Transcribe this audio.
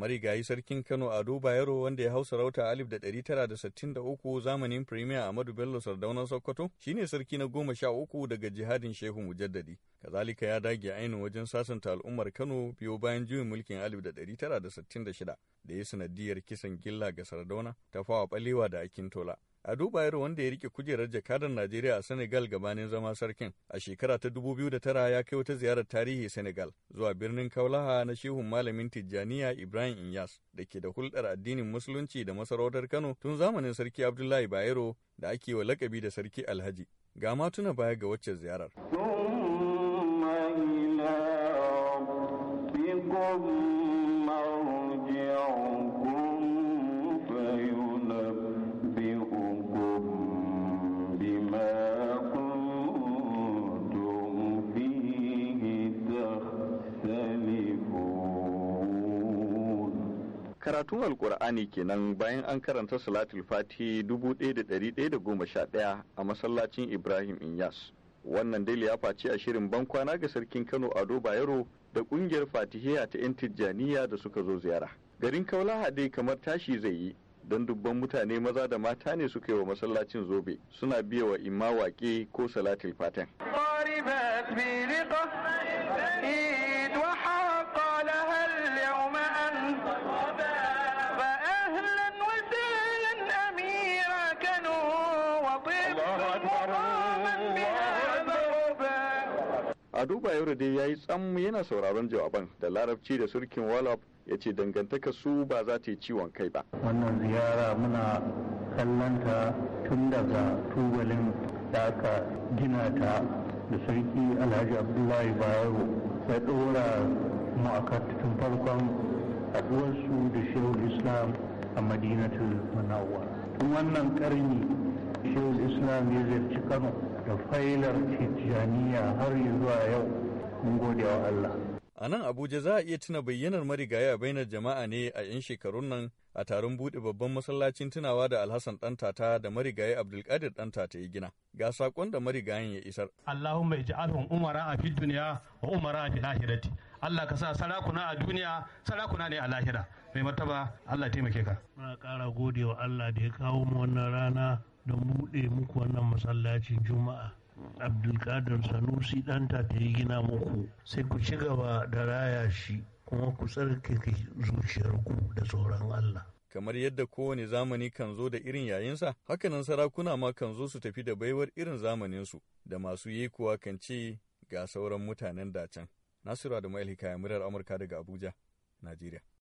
marigayi sarkin Kano Ado Bayero wanda ya hau sarauta alif da ɗari tara da sittin da uku zamanin Premier Ahmadu Bello Sardaunan Sokoto shine sarki na goma sha uku daga jihadin Shehu Mujaddadi. Kazalika ya dage ainihin wajen sasanta al'ummar Kano biyo bayan juyin mulkin alif da ɗari tara da sittin da shida da ya sanadiyar kisan gilla ga Sardauna ta fawa ɓalewa da Akin Tola. a duba irin wanda ya rike kujerar jakadar Najeriya a Senegal gabanin zama sarkin a shekara ta dubu biyu da tara, ya kai wata ziyarar tarihi Senegal zuwa birnin Kaulaha na shehun malamin Tijjaniya Ibrahim Inyas da ke da hulɗar addinin Musulunci da masarautar Kano tun zamanin Sarki Abdullahi Bayero da ake wa lakabi da Sarki Alhaji ga ma tuna baya ga waccan ziyarar. karatun alkur'ani kenan bayan an karanta salatul fati 1111 a masallacin ibrahim inyas wannan dai liyafa ce a shirin bankwana ga sarkin kano ado bayero da kungiyar fatihiya ta 'yan tijjaniya da suka zo ziyara garin kaulaha dai kamar tashi zai yi don dubban mutane maza da mata ne suka yi wa masallacin zobe suna biya wa imma wake ko salatul fatan a duba yau dai ya yi tsam yana sauraron jawaban da larabci da surkin wallop ya ce dangantaka su ba za ta yi ciwon kai ba wannan ziyara muna kallanta tun daga tubalin da aka gina ta da sarki alhaji abdullahi bayero ya dora mu a tun farkon haɗuwarsu da shehu islam a madinatul manawa. tun wannan karni. shehul islam ya zarci kano da failar tijjaniya har zuwa yau mun gode wa allah a nan abuja za a iya tuna bayyanar a bainar jama'a ne a 'yan shekarun nan a taron buɗe babban masallacin tunawa da alhassan ɗantata da marigayi abdulkadir ɗantata ya gina ga saƙon da marigayin ya isar allahumma alhun umara a fil duniya wa umara a fil lahirati allah ka sa sarakuna a duniya sarakuna ne a lahira mai martaba allah taimake ka muna kara gode wa allah da ya kawo mu wannan rana don buɗe muku wannan masallacin juma'a abdulkadir sanusi ɗanta ta yi gina muku sai ku ci gaba da raya shi kuma ku tsarkake zuciyarku da tsoron Allah. Kamar yadda kowane zamani kan zo da irin yayinsa, hakanan sarakuna ma kan zo su tafi da baiwar irin zamaninsu, da masu yi kuwa kan ce ga sauran mutanen dacen. Nasiru Adamu Alhikaya, murar Amurka daga Abuja, Najeriya.